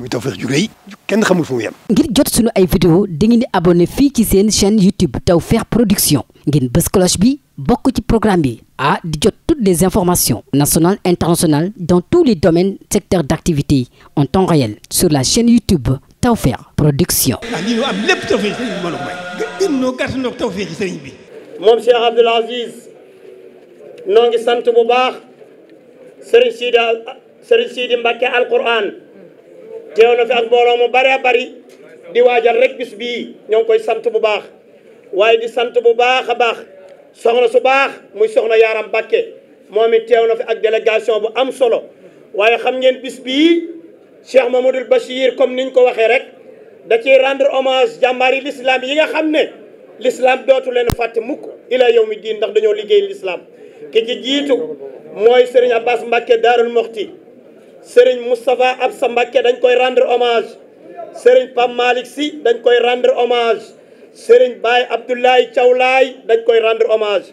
muy Tawfekh ju rëy kenn xamul fu mu yem. ngir jot sunu ay vidéo dangeen di abonné fii ci seen chaîne YouTube Tawfekh Production ngeen bës cloche bi bokk ci programme bi ah di jot toutes les informations nationales internationales dans tous les domaines secteurs d'activité en temps réel sur la chaîne YouTube Tawfekh Production. ah lii am lépp Tawfekh sëriñ bi mbooloo mooy. gën gën ñoo gàtt bi. moom Cheikh Abdoul Aziz noo ngi sant bu baax Serigne Sidi Serigne Al Quran. teew na fi ak mbooloo mu bare bari di waajal rek bis bii ñoo ngi koy sant bu baax waaye di sant bu baax a baax soxna su baax muy soxna Yaaram Mbàkke moom it teew na fi ak délégation bu am solo waaye xam ngeen bis bii Cheikh Mamadou Bachir comme ni ñu ko waxee rek da ciy rendre hommage jàmbaari l'islam yi nga xam ne l'islam dootu leen fàtte mukk ila yow mi diin ndax dañoo liggéey lislaam ki ci jiitu mooy Serigne Abbas Mbàkke Daarul Moxti Serigne Moustapha Absa Mbacké dañ koy rendre omage Serigne Pape si dañ koy rendre hommage Serigne Baye Abdoulaye Thiaw Laye dañ koy rendre hommage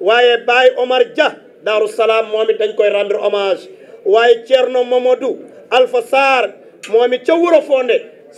waaye Baye Omar Dia Daaru Salaam dañ koy rendre hommage waaye Thierno Mamadou Alpha Sarr moom it ca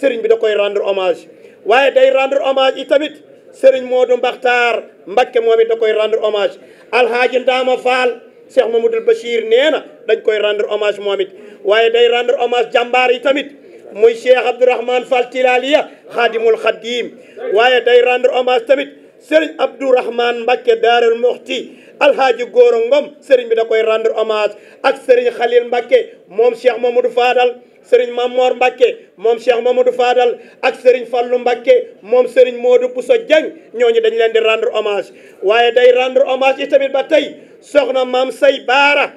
bi da koy rendre hommage waaye day rendre hommage i tamit Serigne Modou Mbakhtar Mbacké moom it da koy rendre hommage Alhaaji Ndama Fall Cheikh Mamadou Bachir nee na dañ koy rendre hommage moom it waaye day rendre omage jàmbaar yi tamit muy Cheikh Abdourahmane Fall Tilaliya Xaadimul Xadim waaye day rendre omage tamit Serigne Abdourahmane Mbacke Daaral Moxti Alhaaji Goro Ngom Serigne bi da koy rendre hommage ak Serigne Khalil Mbacke moom Cheikh Mamadou Fadal sëriñ Mamor Mbacke moom Cheikh Mamadou Fadal ak sëriñ Fallou Mbacke moom sëriñ Modou Bousso Dieng ñooñu dañ leen di rendre hommage waaye day rendre hommage tamit ba tey soxna maam say baara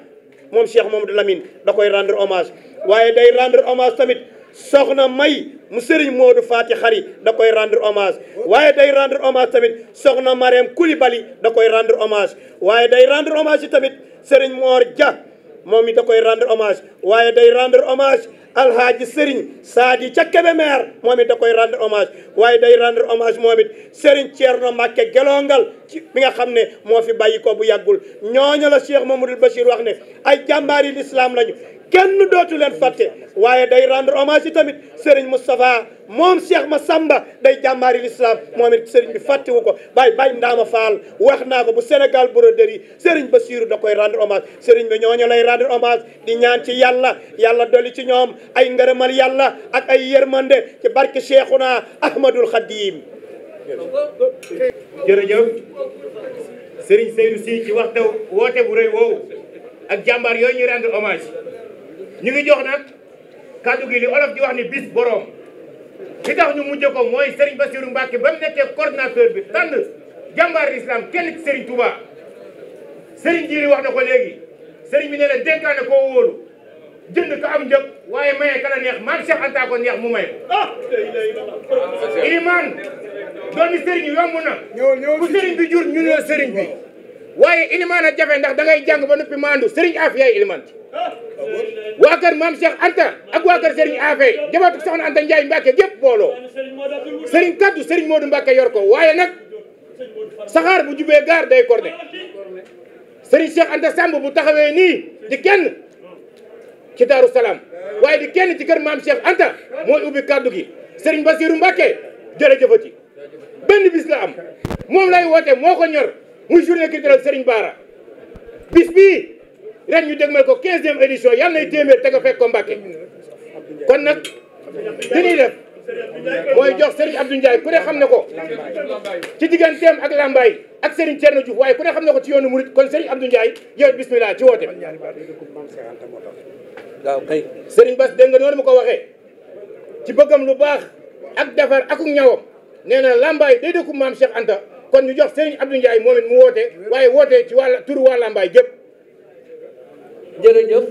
moom Cheikh Mamadou Lamine da koy rendre hommage waaye day rendre hommage tamit soxna may mu sëriñ Modou Fati Xari da koy rendre hommage waaye day rendre omage tamit soxna Mariam Koulibaly da koy rendre hommage waaye day rendre omage tamit sëriñ Mor Dia moom it da koy rendre hommage waaye day rendre hommage alhaaji Serigne Saadi ca Kébémer moom it da koy rendre hommage waaye day rendre hommage moom it no Thierno Mbacke gelongal ci bi nga xam ne moo fi bàyyi ko bu yàggul ñooñu la Cheikh Mamadou Bachir wax ne ay jàmbaar yi l'islam lañu kenn dootu leen fàtte waaye day rendre hommage yi tamit Serigne Moustapha moom ma samba day jàmbaari l'islam moom it Serigne bi fàttewu ko bàyyi bàyyi ndaama faal wax naa ko bu Sénégal broderie Serigne Bassirou da koy rendre hommage Serigne bi ñooñu lay rendre hommage di ñaan ci yàlla yàlla dolli ci ñoom ay ngërëmal yàlla ak ay yërmande ci barke Cheikhuna Ahmadul Khadim jërëjëf Serigne Seydou Sy ci wax taw woote bu rëy woowu ak jàmbaar yooyu ñu rendre hommage ñu ngi jox nag kàddu gi li olof di wax ni bis boroom li tax ñu mujj ko mooy Serigne Bassirou Mbacké ba mu nekkee coordinateur bi tànn jàmbaar islam kenn ci Serigne Touba Serigne ji li wax na ko léegi Serigne bi nee na dénkaane koo wóolu jënd ka am njëg waaye maye ka la neex maam Cheikh Anta ko neex mu may ko. Ah, Iman doon ni Serigne yomb na. ñoo ñoo ku Serigne bi jur ñu ne Serigne bi. waaye ilimaan a jafe ndax da ngay jàng ba noppi maandu Serigne Afe yaay ilimaan waa kër maam Cheikh Anta ak waa kër Serigne Afe jabatu soxna Anta Ndiaye Mbacke gépp booloo Serigne kaddu Serigne Modou Mbacke yor ko waaye nag saxaar bu jubee gaar day korne Serigne Cheikh Anta Samb bu taxawee nii di kenn ci Daaru Salaam waaye di kenn ci kër maam Cheikh Anta mooy ubbi kaddu gi sëriñ Bassirou Mbacke jërëjëfati benn bis la am moom lay woote moo ko ñor. muy journée culturelle Serigne Bara bis bii ren ñu dégmal ko quinzième édition yàlla nay téeméer te nga fekk ko Mbàkke kon nag li ñuy def mooy jox Serigne Abdou Ndiaye ku ne xam ne ko ci digganteem ak Lambaye ak Serigne Thierno Diouf waaye ku ne xam ne ko ci yoonu Mouride kon Serigne Abdou Ndiaye yow bismillah ci woote. waaw kay Serigne Bass dégg nga noonu ma ko waxee ci bëggam lu baax ak defar ak ñawam nee na làmbaay day dëkku maam Cheikh Anta. kon ñu jox Serigne Abdou Ndiaye moom mu woote waaye woote ci wàll turu waa Lambaay jëpp jërëjëf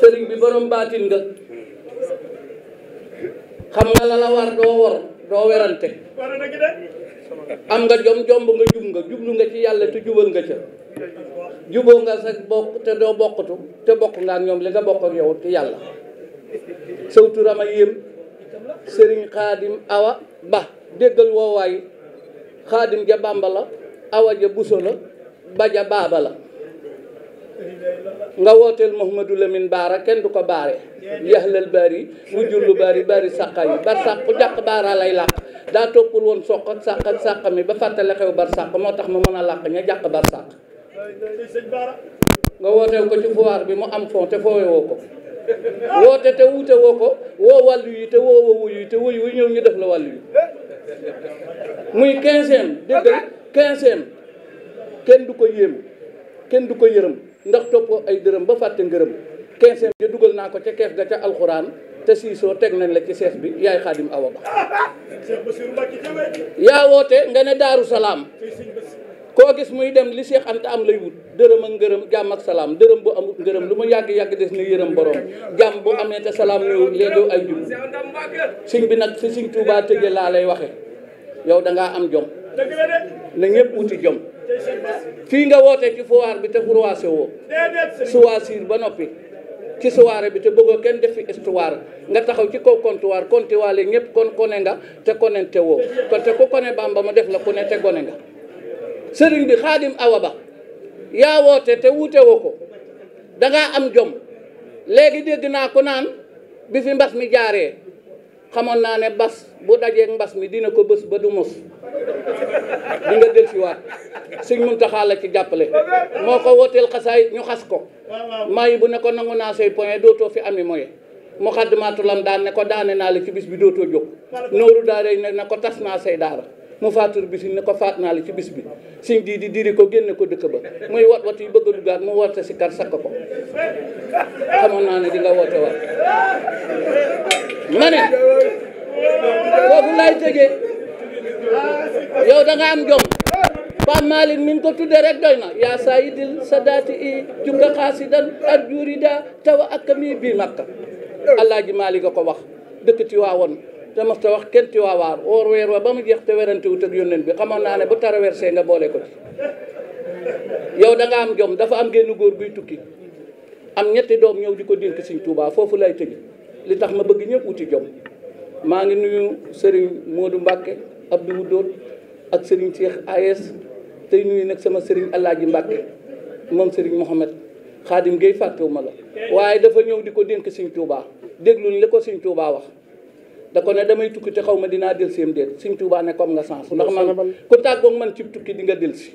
Serigne bi borom baatin nga xam nga la la war doo war doo werante am nga jomb nga jublu nga ci yàlla te jubal nga ca juboo nga sa bokk te doo bokkatu te bokk nga ñoom li nga bokk ak yow yàlla sawtu rama yéem Serigne Khadim Awa Ba déggal woowaay xaadim ja bàmba la awa ja buso baja baaba la nga wooteel Mouhamadou lamin Baara kenn du ko baare yaxlal baari wujjulu baari baari sàqa yi bar sàq ku jàq baara lay làq daa toppul woon soq ak sàq mi ba fàttale xew bar sàq moo tax ma mën a làq ña jàq bar sàq nga wooteel ko ci foire bi mu am fond te foowe woo ko woote te wuute woo ko woo wàllu yi te woo wuyu yi te wuyu wu ñëw ñu def la wàllu yi muy quinzième dégg quinzième kenn du ko yéem kenn du ko yërëm ndax toppoo ay dërëm ba fàtte ngërëm quinzième ja dugal naa ko ca kees ga ca alxuraan te siisoo teg nañ la ci sees bi yaay xaadim awa yaa woote nga ne daaru salaam koo gis muy dem li Cheikh Anta am lay wut dërëm ak ngërëm jàmm ak salaam dërëm bu amut ngërëm lu mu yàgg-yàgg des na yërëm borom jàmm bu amee te salaam ñëw léegi ay jub sëñ bi nag fi sëñ Tuubaa tëje laa lay waxe yow da ngaa am jom na ñëpp wuti jom fii nga wootee ci foire bi te froissé woo suwaasiir ba noppi ci soirée bi te bëggoo kenn def fi histoire nga taxaw ci kaw comptoir compté waale ñëpp kon kone nga te konente woo kon te ku kone Bamba mu def la ku ne te nga sëriñ bi xaadim awa ba yaa woote te wuute ko dangaa am jom léegi dégg naa ko naan bi fi mbas mi jaaree xamoon naa ne bas bu dajee mbas mi dina ko bës ba du mos di nga del si waat sëñ Muntaxa la ci jàppale moo ko wooteel xasaay ñu xas ko mayi bu ne ko nangu naa say point dootoo fi ami moye mu xaddamaatulam daan ne ko daane naa la ci bis bi dootoo jóg nooru daara ne ko tas naa say daara mu faatur bisi ne ko faat naa la ci bis bi sëñ di di ko génne ko dëkk ba muy wat wat yi bëgg a duggaat mu woote si kar sakk ko xamoon naa ne di nga woote waat ma ne foofu lay yow da am jom Pape Malick min ko tudde rek doy na yaa sayyidil sadaati i jukka xaasidan arjurida tawa akka mi bi makka Alaaji Malick a ko wax dëkk Tiwaawoon te mos ta wax kenn ci oor weer wa ba mu jeex te werante wut ak yónneen bi xamoon naa ne bu traversé nga boole ko ci yow da am jom dafa am génn góor buy tukki am ñetti doom ñëw di ko dénk Sëñ Tuubaa foofu lay tëj li tax ma bëgg ñëpp wuti jom maa ngi nuyu Serigne Modou Mbacke Abdou Wudóot ak Serigne Cheikh Ayes tey sama Serigne Alaaji Mbacke moom Serigne Mohamed Xaadim Gueye fàttewuma la waaye dafa ñëw di ko dénk Sëñ Tuubaa dégluñ li ko Sëñ wax da ko ne damay tukki te xaw ma dinaa del si am déet Sëñ Tuubaa ne comme nga sens ndax man ku tàggoog man ci tukki di nga del si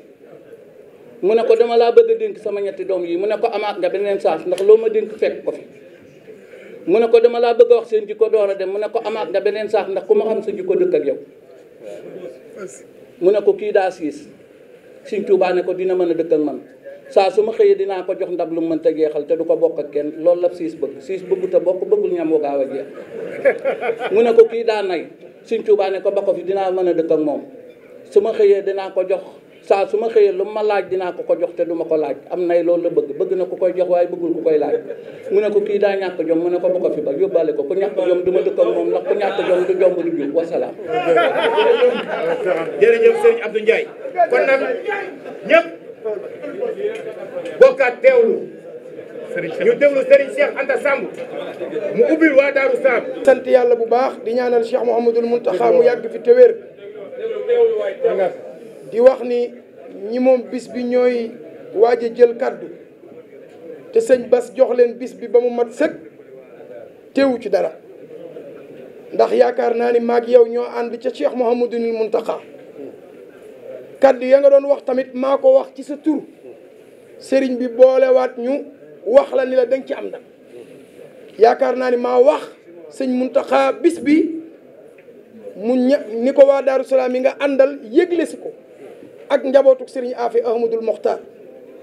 mu ne ko dama laa bëgg a dénk sama ñetti doom yi mu ne ko amaat nga beneen sens ndax loo ma dénk fekk ko fi mu ne ko dama laa bëgg a wax seen jikko door a dem mu ne ko amaat nga beneen sens ndax ku ma xam sa jikko dëkk ak yow mu ne ko kii daa siis Sëñ Tuubaa ne ko dina mën a dëkk ak man saa su ma xëyee dinaa ko jox ndab lu mënta jeexal te du ko bokk ak kenn loolu la siis bëgg siis bëggu te bokk bëggul ñam wu gaaw a jeex mu ne ko kii daa nay suñ Tuubaa ne ko ba ko fi dinaa mën a dëkk moom su ma xëyee dinaa ko jox saa su xëyee lu ma laaj dinaa ko ko jox te du ma ko laaj am nay loolu la bëgg bëgg na ku koy jox waaye bëggul ku koy laaj mu ne ko kii daa ñàkk jom mu ne ko ba ko fi ba yóbbaale ko ku ñàkk jom du ma dëkk ak moom ndax ku ñàkk jom du jomb du jub wasalaam jërëjëf sëriñ Abdou Ndiaye kon nag ñëpp bokkaat teewlu ñu déglu Serigne Cheikh Anta Samb mu ubbil waa Daaru Saam sant yàlla bu baax di ñaanal Cheikh Mouhamadul Mountakha mu yàgg fi te wér di wax ni ñi moom bis bi ñooy waaj a jël kàddu te sëñ Bas jox leen bis bi ba mu mat sëkk teewu ci dara ndax yaakaar naa ni maag yow ñoo ànd ca Cheikh Mouhamadul Mountakha kaddu ya nga doon wax tamit maa ko wax ci sa tur sëriñ bi boolewaat ñu wax la ni la danga ci am ndam yaakaar naa ni maa wax sëñ Muntaxa bis bi mu ña ni ko waa Daaru Salaam yi nga àndal yëgle si ko ak njabootu sëriñ Afi Ahmadul Moxtaar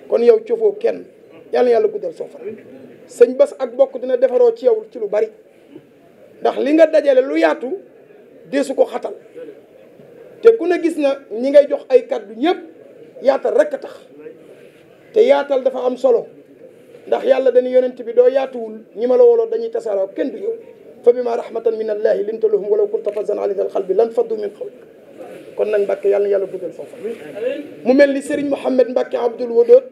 kon yow cofoo kenn yàlla yàlla guddal soo fan sëñ Bas ak bokk dina defaroo ci yow ci lu bari ndax li nga dajale lu yaatu deesu ko xatal te ku ne gis na ñi ngay jox ay kàddu ñëpp yaatal rek a tax te yaatal dafa am solo ndax yàlla dañu yonent bi doo yaatuwul ñi ma la woloo dañuy tasaaroo kenn du yow fa bi ma rahmatan min allahi linta lahum walaw kunta fazzan ghalidal qalbi lan faddu min hawlik kon nag Mbàkke yàlla yàlla dugal foofa mu mel ni Serigne Mouhamed Mbàkke Abdoul Wadoud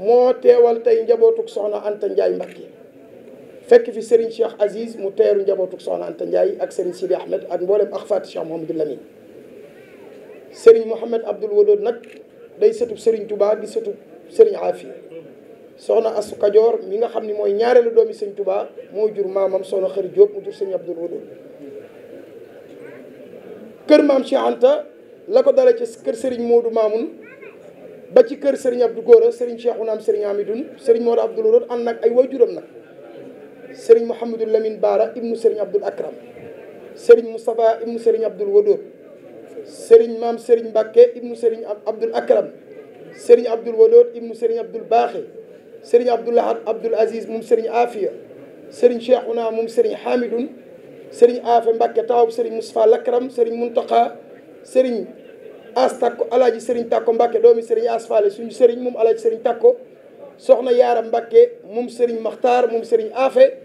moo teewal tey njabootuk soxna Anta Ndiaye Mbàkke fekk fi Serigne Cheikh Aziz mu teeru njabootu Soxna Anta Ndiaye ak sëriñ Sidi Ahmed ak mboolem ak Fatou Cheikh Mouhamadou Lamine Serigne Mouhamed Abdoul Wadoud nag day sëtub sëriñ tubaa di sëtub Serigne Afi soxna Asu Kajoor mi nga xam ni mooy ñaareelu doomi Serigne Touba moo jur maamam soxna Xëri Diop mu jur Serigne Abdoul Wadoud kër maam Cheikh Anta la ko dale ci kër Serigne Modou Mamoun ba ci kër Serigne Abdou Gora Serigne Cheikhouna am Serigne Amidoun Serigne Modou Abdoul Wadoud ànd nag ay waajuram nag sëriñ Mouhamadou Lamine Baara ibnu sëriñ Abdoul Akram sëriñ Moustapha ibnu sëriñ Abdoul Wadour sëriñ maam sëriñ Mbacke ibnu sëriñ Abdoul Akram sëriñ Abdoul Wadour ibnu sëriñ Abdoul Baaxe sëriñ Abdoul Ahad Abdoul Aziz moom sëriñ Afia sëriñ Cheikhouna moom sëriñ Hamidoun sëriñ Afe Mbacke taawub sëriñ Moustapha Lakram sëriñ Muntaqa seriñ As Takko alaaji sëriñ Takko Mbacke doomi sëriñ As Faale suñu sëriñ moom alaaji sëriñ Takko soxna Yaara Mbacke moom sëriñ Makhtar moom sëriñ Afe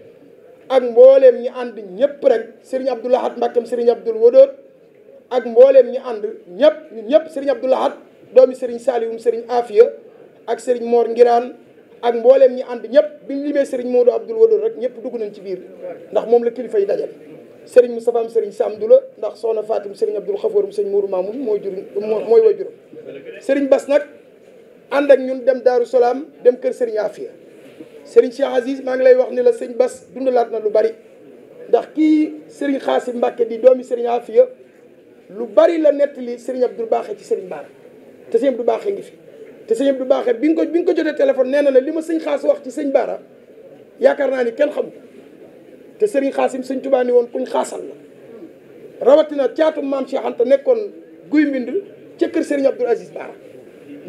ak mbooleem ñi ànd ñëpp rek sëriñ Abdou Lahad Mbakkam sëriñ Abdoul Wadoot ak mbooleem ñi ànd ñëpp ñun ñëpp sëriñ Abdou Lahad doomi sëriñ Saliwum sëriñ Afia ak sëriñ Mor Ngiraan ak mbooleem ñi ànd ñëpp bi ñu limee sëriñ Modou Abdoul Wadoot rek ñëpp dugg nañ ci biir ndax moom la kilifa yi dajal sëriñ Moustapha am sëriñ Samdu la ndax soxna Fatim sëriñ Abdoul Xafoorum sëriñ Mourou Mamoun mooy jur mooy waajuram sëriñ Bas nag ànd ak ñun dem Daaru Salaam dem kër sëriñ Afia Serigne Cheikh Aziz maa ngi lay wax ni la sëñ Bas dundalaat na lu bari ndax kii Serigne Xaasim Mbàkke di doomi Serigne Afia lu bari la nettali Serigne Abdou Baaxe ci Serigne Bara te Serigne Abdou Baaxe ngi fi te Serigne Abdou Baaxe bi nga ko bi nga ko jotee téléphone nee na li ma sëñ Xaas wax ci sëñ Bara yaakaar naa ni kenn xamu te Serigne Xaasim sëñ Tuubaa woon kuñ xaasal la rawatina caatum maam Cheikh Anta nekkoon guy mbind ca kër Serigne Abdoul Aziz Bara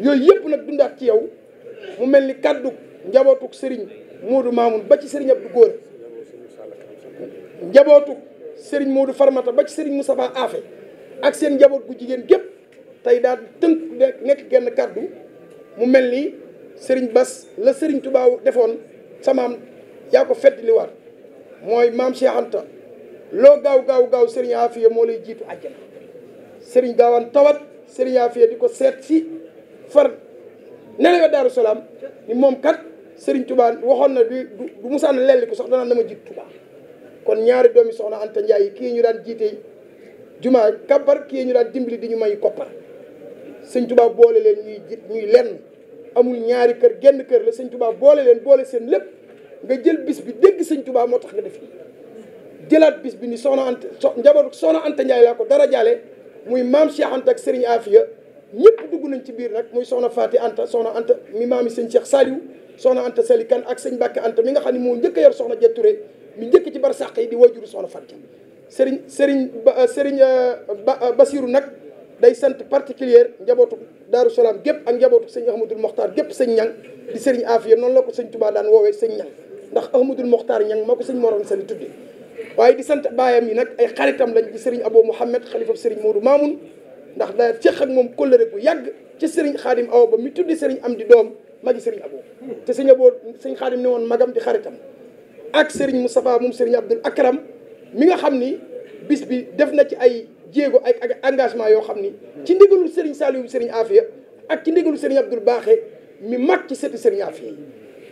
yooyu yëpp nag dundaat ci yow mu mel ni kaddu. njabootuk sëriñ Moodu Maamun ba ci sëriñ Abdu Góor njabootuk sëriñ Moodu Farmata ba ci sëriñ Moustapha Afe ak seen njaboot gu jigéen gépp tey daal tënk nekk genn kàddu mu mel ni sëriñ Bas la sëriñ Tuubaa defoon samaam yaa ko fedd liwaat mooy maam Cheikh Anta loo gaaw gaaw gaaw sëriñ Afiya moo lay jiitu àjjana sëriñ gaawaan tawat sëriñ Afiya di ko seet si far nelewe Daaru Salaam ni moom kat Serigne Touba waxoon na du du musaan lelli ko sax danaan na ma jiit Touba kon ñaari doomi soxna Anta Ndiaye kii ñu daan jiite jumaa kabar kii ñu daan dimbali di ñu may koppar sëñ Touba boole leen ñuy jiit ñuy lenn amul ñaari kër genn kër la sëñ Touba boole leen boole seen lépp nga jël bis bi dégg sëñ tubaa moo tax nga def jëlaat bis bi ni soxna Anta so njabootu soxna Anta Ndiaye laa ko dara jaale muy maam Cheikh Anta ak Serigne Afia ñëpp dugg nañ ci biir nag muy soxna Faati Anta soxna Anta mi maami sëñ Cheikh Saliou soxna Anta Sali Kane ak sëñ Mbàkke Anta mi nga xam ne moo njëkk a yor soxna Jatture mi njëkk ci bar sàq yi di wajuru soxna Faati sëriñ sëriñ ba euh, sëriñ euh, euh, Basiru nag day sant particulière njabootu Daaru Salaam gépp ak njabootu sëñ Ahmadul Moxtaar gépp sëñ ñang di sëriñ noonu la ko sëñ Tuubaa daan woowee sëñ ñang ndax Ahmadul Moxtaar ñang maa ko sëñ Moroon Sali tuddee waaye di sant baayam yi nag ay xaritam lañ di sëriñ Abou Mouhamed xalifab sëriñ Modou Mamoun ndax daa ceex ak moom kóllëre bu yàgg ci sëriñ xaadim awo ba mi tuddi sëriñ am di doom magi sëriñ abo te sëriñ abo sëriñ xaadim ne woon magam di xaritam ak sëriñ mu Moustapha moom sëriñ Abdul Akram mi nga xam ni bis bi def na ci ay jéego ay ak engagement yoo xam ni ci ndigalu sëriñ Saliou sëriñ Afia ak ci ndigalu sëriñ Abdul Baaxe mi mag ci sëti sëriñ Afia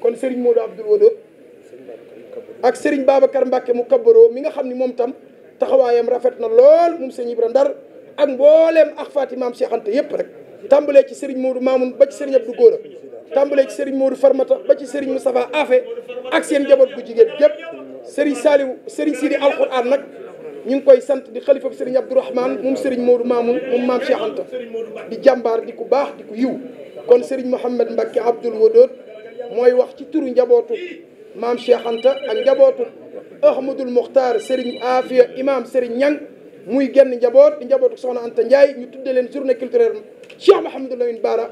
kon sëriñ Modou Abdoul Wadoud ak sëriñ Babacar Mbacke mu kabaroo mi nga xam ni moom tam taxawaayam rafet na lool moom sëriñ Ibra Ndar ak mbooleem ak faati maam Cheikh Anta yëpp rek tàmbalee ci Serigne Modou Mamoun ba ci Serigne Abdou Gora tàmbalee ci Serigne Modou Farmata ba ci Serigne Moustapha Afé ak seen njaboot bu jigéen gépp Serigne Saliou Serigne nag ñu ngi koy sant di xalifa bi Serigne Abdourahmane moom Serigne Modou Mamoun moom maam Cheikh Anta di jàmbaar di ku baax di ku yiw kon Serigne Mouhamed Mbacke Abdoul Wadood mooy wax ci turu njabootu maam Cheikh Anta ak njabootu Ahmadul Mokhtar Serigne Afia imam Serigne Niang muy genn njaboot di njabootu soxna Anta Ndiaye ñu tuddee leen journée culturelle Cheikh Mouhamadou Lamine Bara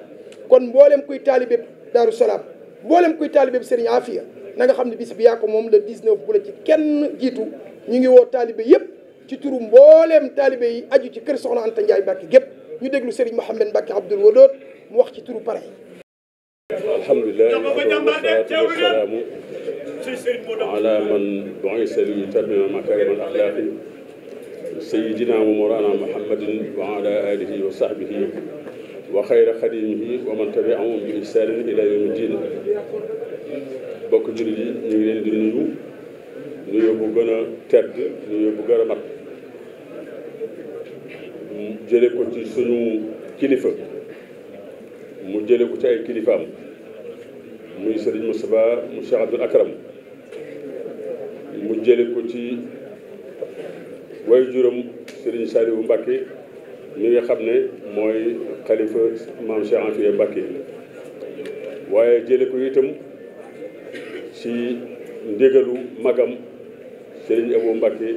kon mboolem kuy taalibeb Daaru Salaam mboolem kuy taalibeb Serigne Afia na nga xam ne bis bi yaa ko moom le 19 bu la ci kenn jiitu ñu ngi woo taalibe yëpp ci turu mbooleem taalibe yi aju ci kër soxna Anta Ndiaye Mbacke gépp ñu déglu Serigne Mouhamed Mbacke Abdoul Wadood mu wax ci turu pare alhamdulilah wasalaatu wasalaamu ala man bu'isa sayidina wa mawlana muhammadin wa ala alihi wa sahbihi wa xayra xadimihi wa man tabiahum bi ihsanin ila yawmi din bokk jullit yi ñu ngi leen di nuyu nuyu bu gën a tedd nuyu bu gën a mat jële ko ci suñu kilifa mu jële ko ci ay kilifaam muy sëriñ Moustapha mu Cheikh Abdoul Akram mu jële ko ci way juróom Serigne Saliou Mbacké mi nga xam ne mooy xalifa maam Cheikh Anta Mbacké waaye jële ko itam ci ndigalu magam Serigne Abou Mbacké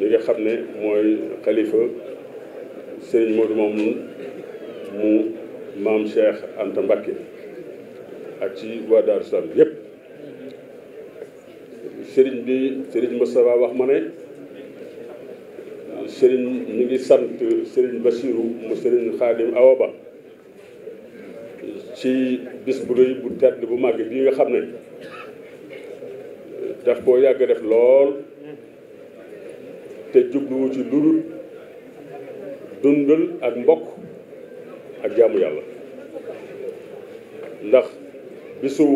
mi nga xam ne mooy xalifa Serigne Modou Mamoun mu maam Cheikh Anta Mbacké ak ci waa Daaru Salaam yépp Serigne bi Serigne Moustapha wax ma ne sëriñ mu ngi sant sëriñ Bassirou mu sëriñ Xaadim Awa Ba ci bis bu rëy bu tedd bu màgg bii nga xam ne daf koo yàgg def lool te jubluwu ci ludul dundal ak mbokk ak jaamu yàlla ndax bisu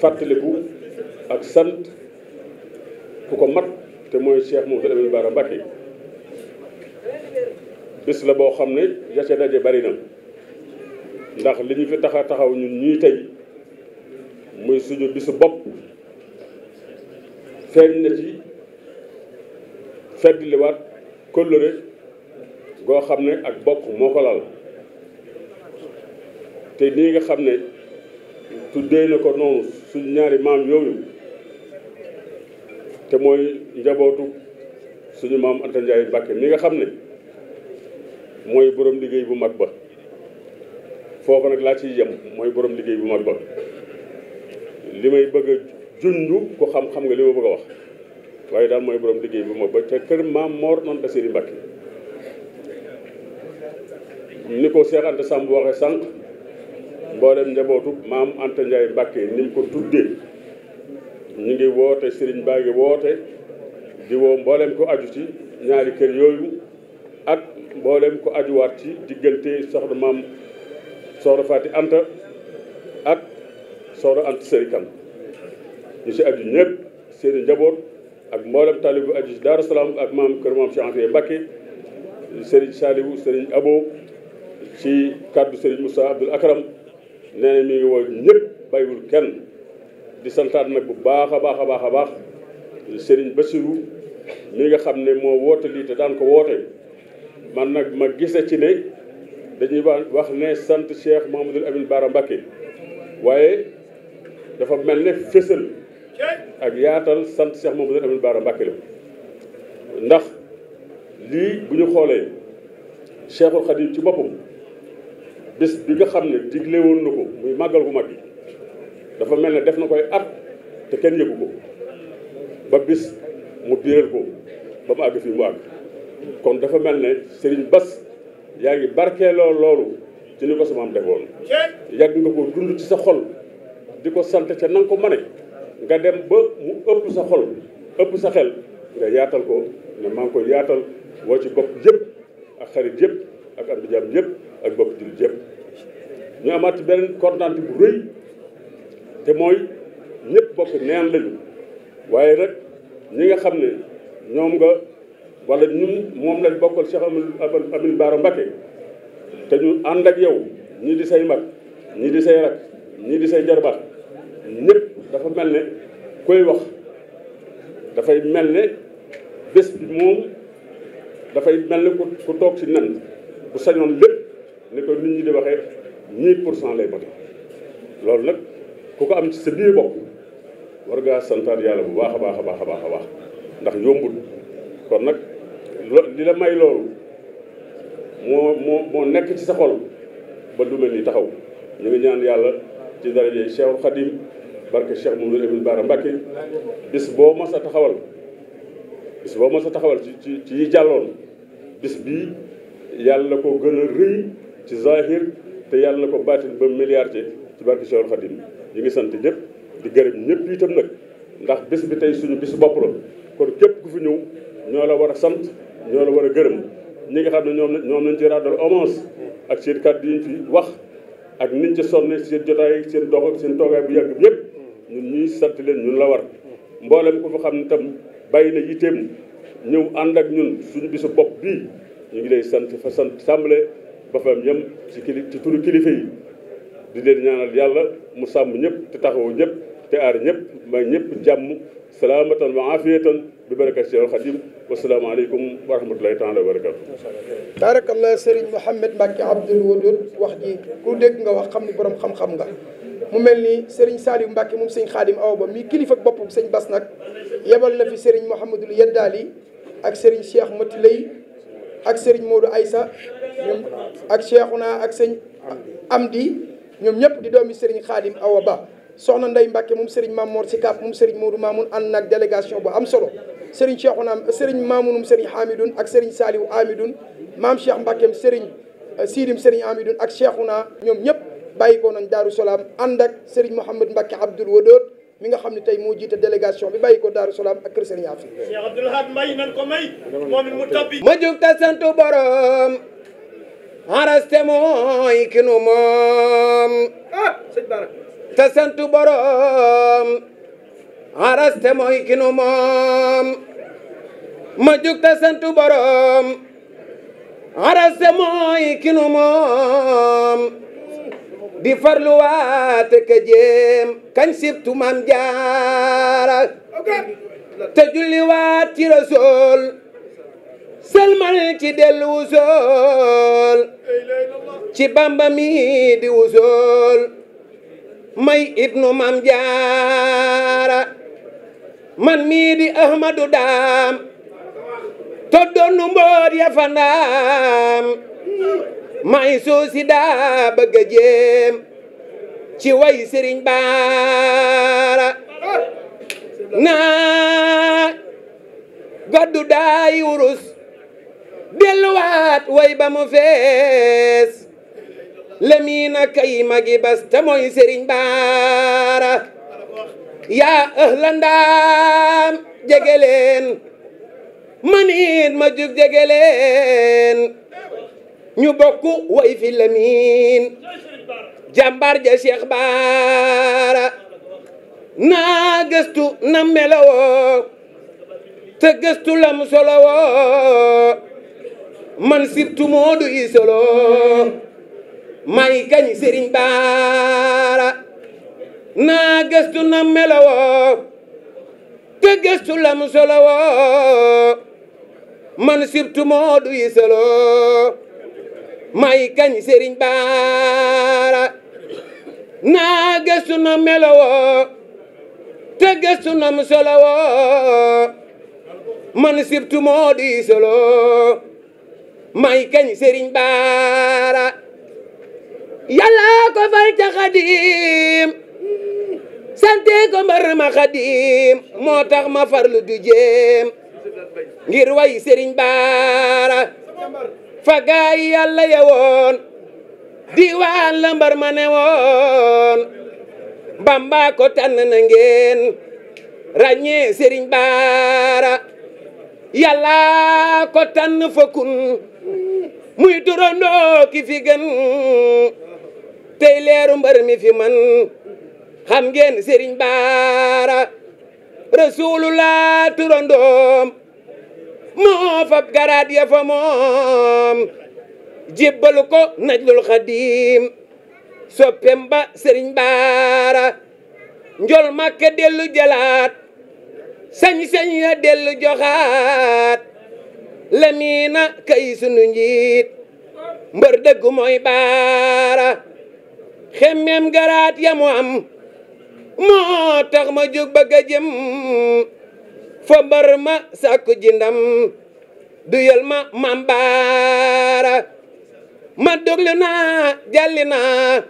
fàttaliku ak sant ku ko mat te mooy Cheikh Mouhamadou Lamine Bara Mbacké bis la boo xam ne jace daje bari na ndax li ñu fi tax taxaw ñu ñuy tey muy suñu bisu bopp feeñ na ci feddliwaat kóllëre goo xam ne ak bokk moo ko lal te nii nga xam ne tuddee na ko noonu suñu ñaari maam yooyu te mooy njabootu suñu maam Anta Ndiaye Mbacke mi nga xam ne mooy boroom liggéey bu mag ba foofu nag laa ci yem mooy boroom liggéey bu mag ba li may bëgg a junju ko xam-xam nga li ma bëgg a wax waaye daal mooy boroom liggéey bu mag ba te kër maam Mor noonu Bassirou Mbacke ni ko Cheikh Samb waxee sànq mboolem njabootu maam Anta Ndiaye Mbacke ni ko tuddee ñu ngi woote sëriñ baa ngi woote di woo ko aju ci ñaari kër yooyu ak mboolem ko ajuwaat ci diggante soxna maam soxna Faati Anta ak soxna Anta Sëri Kan ñu si aju ñëpp seeni njaboot ak mboolem taalibu aju ci Daaru Salaam ak maam kër maam Cheikh Anta Mbacké sëriñ Saliou sëriñ Abo ci kàddu sëriñ Moussa Abdoul Akram nee mi ngi woo ñëpp bàyyiwul kenn di santaat nag bu baax a baax a baax a baax Serigne Bassirou mi nga xam ne moo woote lii te daan ko woote man nag ma gise ci ne dañuy wax ne sant Cheikh Mouhamadoul Amine Bara Mbacké waaye dafa mel ne fésal ak yaatal sant Cheikh Mouhamadoul Amine Bara Mbacké la ndax lii bu ñu xoolee Cheikhul Khadim ci boppam bés bi nga xam ne digle woon ko muy màggal gu mag dafa mel ne def na koy at te kenn yëgu ko ba bis mu biiral ko ba mu àgg fii mu àgg kon dafa mel ne Serigne Bass yaa ngi barkeeloo loolu ci ni ko sama am defoon yàgg nga ko dund ci sa xol di ko sant ca na nga ko mane nga dem ba mu ëpp sa xol ëpp sa xel nga yaatal ko ne maa koy yaatal woo ci bopp yëpp ak xarit yëpp ak am yëpp ak bopp jullit yëpp ñu amaat beneen kontaan bu rëy te mooy ñëpp bokk neen lañu waaye nag ñi nga xam ne ñoom nga walla ñun moom lañ bokkal amul Amadou Amin Bara Mbacké te ñu ànd ak yow ñii di say mag ñii di say rak ñii di say jarbaat ñëpp dafa mel ne koy wax dafay mel ne bés bi moom dafay mel ne ku toog ci nen bu sañoon lépp ni ko nit ñi di waxee ñii pour cent lay mate loolu nag ku am ci sa biir bopp war ngaa santaat yàlla bu baax a baax a baax a baax a baax ndax yombul kon nag li la may loolu moo moo moo nekk ci sa xol ba du mel yi taxaw ñu ngi ñaan yàlla ci daraje Cheikhul Khadim barke Cheikh Mouhamadou Lamine Bara Mbacké bis boo mas a taxawal bis boo mas a taxawal ci ci ci yi jàlloon bis bii yàlla na ko gën a rëy ci zahir te yàlla na ko baatin ba milliard ci barke Cheikhul Khadim ñu ngi sant ñëpp di gërëm ñëpp itam nag ndax bés bi tey suñu bisu bopp la kon képp ku fi ñëw ñoo la war a sant ñoo la war a gërëm ñi nga xam ne ñoom ñoom lañ ci ràddal ak seen kàddu yi ñu wax ak niñ ci sonne seen jotaay ak seen ak seen toogaay bu yàgg bi ñuy sant leen ñun la war mboolem ku fi xam ne tam bàyyi na yiteem ñëw ànd ak ñun suñu bisu bopp bii ñu ngi lay sant fa sant sàmbale ba fa am yem ci kilifa yi di leen ñaanal yàlla mu sàmm ñëpp te taxawu ñëpp te aar ñëpp may ñëpp jàmm salaamatan wa afiyatan bi barakaat Seexul Xadim wasalaamaaleykum wa rahmatulahi taala wa barakaatu taarakallah Serigne Mouhamed Mbacke Abdoul Wadoud wax ji ku dégg nga wax xam ni borom xam nga mu mel ni Serigne Saliou Mbacke moom sëñ Xaadim Awa Ba mii kilifa boppam sëñ Bas nag yebal na fi Serigne Mouhamadul Yeddaali ak Serigne Cheikh Mati Lay ak Serigne Modou Aïssa ñoom ak Cheikhouna ak sëñ Amdi ñoom ñëpp di doomi Serigne Khadim Awa Ba soxna Ndeye Mbacke moom Serigne Mamour Sikap moom Serigne Modou Mamoun ànd naag délégation bu am solo Serigne Cheikhouna Serigne Mamounum Serigne Hamidoun ak Serigne Saliou Hamidoun maam Cheikh Mbackeem Serigne euh, Sidim Serigne Hamidoun ak Cheikhouna ñoom ñëpp bàyyi ko nañ Daaru Salaam ànd ak Serigne Mouhamed Mbacke Abdoul Wadoor mi nga xam ne tey moo jiite délégation bi bàyyi ko Daaru Salaam ak kër Serigne Afi Cheikh Abdoul Ahad may nan ko may moom araste mooy ki nu moom ah, te sant borom araste mooy ki nu moom ma jug te sant borom araste mooy ki nu moom di farluwaat ka jéem kañ sibtu maam jaara te julliwaat ci rasool selmal ci dellu wusool ci bamba mi wusool may ibnu mam jaara man mii ahmadu daam toddoonu mboor ya fandaam may soosi daa bëgg a ci way sëriñ baara naa gaddu daay wurus delluwaat way ba mu fees lamiina kay magi bas te mooy baara yaa ëhla ndaam jege ma jug jege ñu bokk way fi lamiin ja Cheikh Baara naa gëstu na melowoo te lam solowoo man surtout Modou Isolo may kañ Serigne Baara naa gëstu na melowoo te gëstu lam solowoo man surtout Modou Isolo may kañ Serigne Baara naa gëstu na melowoo te gëstu nam solowoo man surtout Modou Isolo may gañ sëriñ baara yàlla ko fal ca xadim sante ko ma xadim moo tax ma farlu du jéem ngir way sëriñ baara fa gaay yàlla yewoon diwaan la mbar ma ne woon ko tànn na ngeen ràññee baara yàlla ko tànn fa muy turandoo ki fi gën tey leeru mbër mi fi man xam ngeen Serigne Baara rasulullah turandoom moo fab garaat ya fa moom jébbalu ko najlul xadim soppem ba Serigne Baara njol màkka dellu jëlaat sañ-sañ ya dellu joxaat lamiina kay sunu njiit mbër dëggu mooy baara xemmem garaat ya am moo tax ma jóg bëgg a jëm fa mbër ma sàkku ji duyal ma mam baara ma doglu naa jalli naa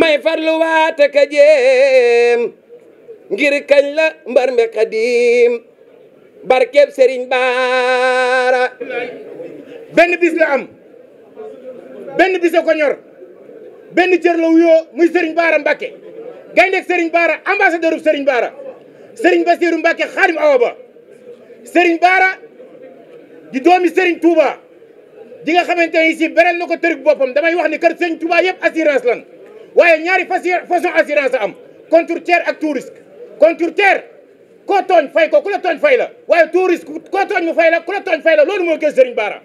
may farlu waata ka jéem ngir kañ la mbër mi xadiim barkeeb Serigne Baara benn bis la am benn bis a ko ñor benn cër la wuyoo muy Serigne Baara Mbacke gaynde seriñ Serigne Baara ambassadeur ub Serigne Baara Serigne Bassirou Mbacke xaadim awa ba Serigne Baara di doomi Serigne Touba di nga xamante ni si beral na ko tërig boppam damay wax ni kër Serigne Touba yëpp assurance lan waaye ñaari façon assurance a am contre terre ak tout risque koo tooñ fay ko ku la tooñ fay la waaye touriste koo tooñ mu fay la ku la tooñ fay la loolu moo gës Serigne Bara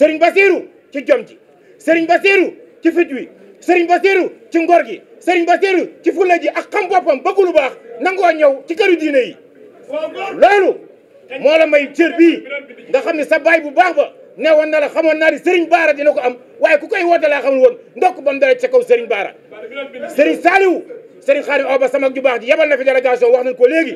ba Bassirou ci jom ji ba Bassirou ci fit sëriñ ba Bassirou ci ngor gi sëriñ ba Bassirou ci fulla ji ak xam boppam bëgg lu baax nangoo ñëw ci këru diine yi loolu moo la may cër bii nga xam ne sa baay bu baax ba ne woon na la xamoon naa ni Serigne Baara dina ko am waaye ku koy woote laa xamul woon ndokk ba mu dara ca kaw Serigne Baara Serigne Saliou Serigne Khadim Awa Ba sama ju baax ji yebal na fi délégation wax nañ ko léegi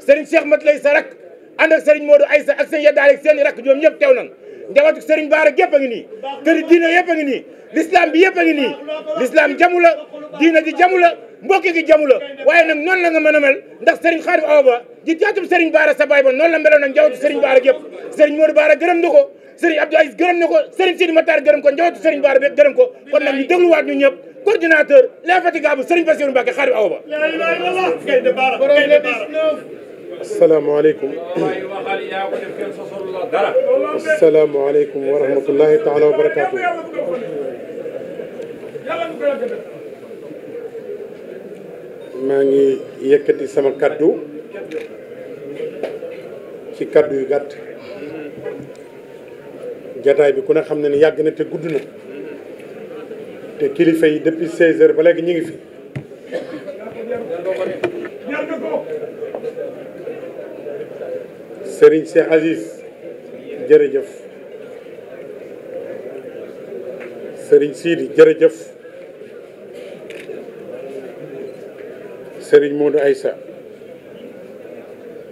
Serigne Cheikh Mat lay sa rak ànd ak Serigne Modou Aïssa ak seen yeddaale ak seen i rak ñoom ñëpp teew nan njabootu Serigne Baara gépp a ngi nii këri diina yëpp a ngi nii l'islam bi yëpp a ngi nii l'islam jamu la diina ji jamu la mbokki gi jamu la waaye nag noonu la nga mën a mel ndax Serigne Khadim Awa Ba ji jaatum Serigne Baara sa baay ba noonu la meloon nag njabootu Serigne Baara gépp Serigne Modou Baara gërëm na ko Serigne Abdou Aziz gërëm na ko Serigne Sidi Matar gërëm ko njabootu Serigne Bara bépp gërëm ko kon nag ñu dégluwaat ñu ñëpp coordinateur l'infatigable Serigne Bassirou Mbacké xarit Awa Ba. asalaamaaleykum. asalaamaaleykum wa rahmatulahi taala wa barakaatu. maa ngi yëkkati sama kaddu ci kaddu yu gàtt. jataay bi ku ne xam ne ni yàgg na te gudd na te kilifa yi depuis 16 heures ba léegi ñu ngi fi Serigne Cheikh Aziz jërëjëf Serigne Sidi jërëjëf Serigne Modou Aïssa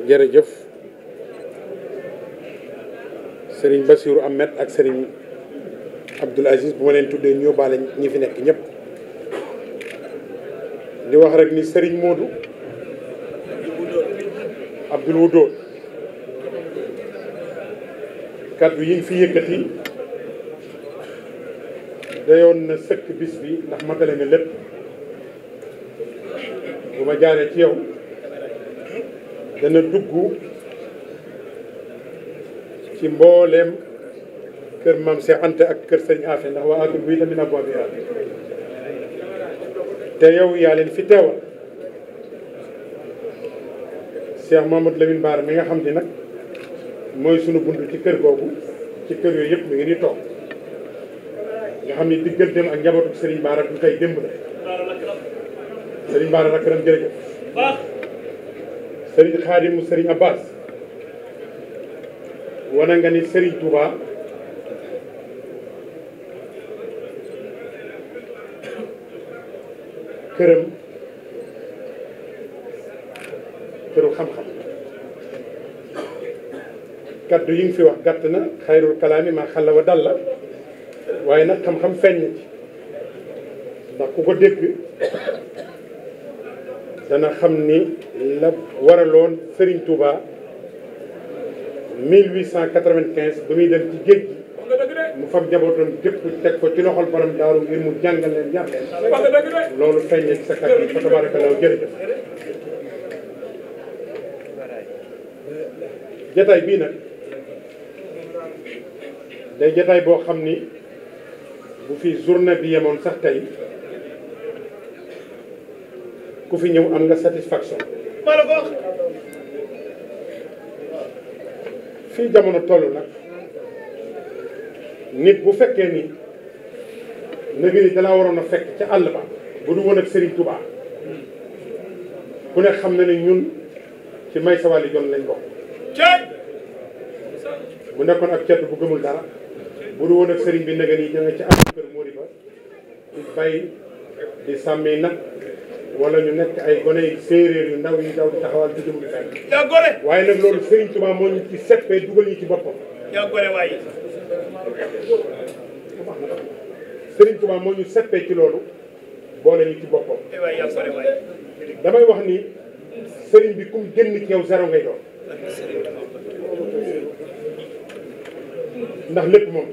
jërëjëf Serigne Bassirou Ahmed ak sëriñ Abdoul Aziz bu ma leen tuddee ñu yóbbaale ñi fi nekk ñëpp di wax rek ni sëriñ Modou Abdoul Wudoon kàddu yi nga fi yëkkati dayoon na sëkk bis bi ndax matale nga lépp bu ma jaaree ci yow dana dugg ci mbooleem kër Maam Seex Anta ak kër Sëriñ Afe ndax waa atul buy tamit aboi biya te yow yaa leen fi teewal Cheikh Mamadou Lamine Bara mi nga xam ni nag mooy sunu bunt ci kër googu ci kër yooyu yëpp mi ngi nii toog nga xam ni digganteem ak njabootu Serigne Bara du tey démb la Serigne Bara rakkanam jërëjëf Serigne Khadim mu Serigne Abbas wana nga ni sëriñ Touba këram këru xam-xam kaddu yi nga fi wax gàtt na xayrul kalaami ma xalla wa dal la waaye nag xam-xam feeñ ci ndax ku ko dégg dana xam ni la waraloon Serigne Touba cent 1895 ba muy dem ci géej gi mu fab njabootam gépp teg ko ci loxol borom daaru ngir mu jàngal leen yar leen loolu feeñ sa kàddu yi fa tabarakallaahu jërëjëf jataay bii nag day jataay boo xam ni bu fi journée bi yemoon sax tey ku fi ñëw am nga satisfaction fii jamono toll nag nit bu fekkee ni léegi ni dalaa waroon a fekk ca àll ba bu du woon ak Serigne Touba ku nekk xam na ne ñun ci may sawali jon lañ bokk bu nekkoon ak cedd bu gëmul dara bu du woon ak sëriñ bi nega nii da nga ci am kër Mody ba di bay di sàmmi nag wala ñu nekk ay gone yu séeréer yu ndaw yi daw di taxawal di jëm di fenn. waaye nag loolu Serigne Touba moo ñu ci seppee dugal ñu ci boppam. yaa gore waaye. moo ñu seppee ci loolu boole ñu ci boppam. Eh damay wax ni sëriñ bi kum génn ci yow zéro ngay doon. ndax lépp moom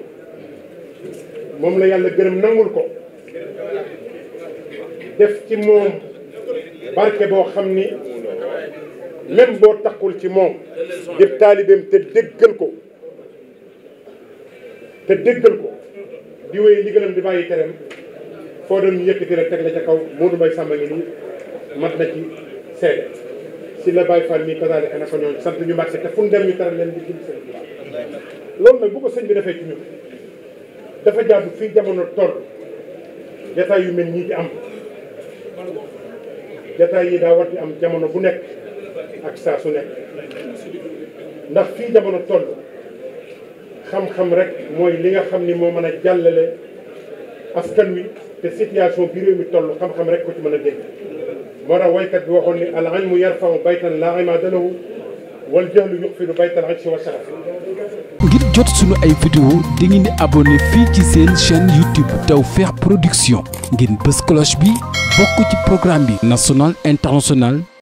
moom la yàlla gërëm nangul ko def ci moom barke boo xam ni même boo takkul ci moom di taalibeem te déggal ko te déggal ko di wéy ndigalam di bàyyi tereem foo dem yëkkati rek teg la ca kaw Modou Mbaye Samba ngi nii mat na ci seede si la Baye Fall mii kasaalika na ko ñoom sant ñu marché te fu ñu dem ñu taral leen di jëm seen loolu nag bu ko sëñ bi defee ci ñun dafa jàpp fii jamono toll jataay yu mel ñii di am jataay yi daa war di am jamono bu nekk ak saa su nekk ndax fii jamono toll xam-xam rek mooy li nga xam ni moo mën a jàllale askan wi te situation bi réew mi toll xam-xam rek ko ci mën a dégg moo tax waykat bi waxoon ni al ilmu yarfau baytan laa imaada lahu wal jahlu yuxfidu baytal ashi wa sharaf jot suñu ay vidéo da ngeen di abonné fii ci seen chaîne YouTube Tawfekh Production ngir bës cloche bi bokk ci programme bi national international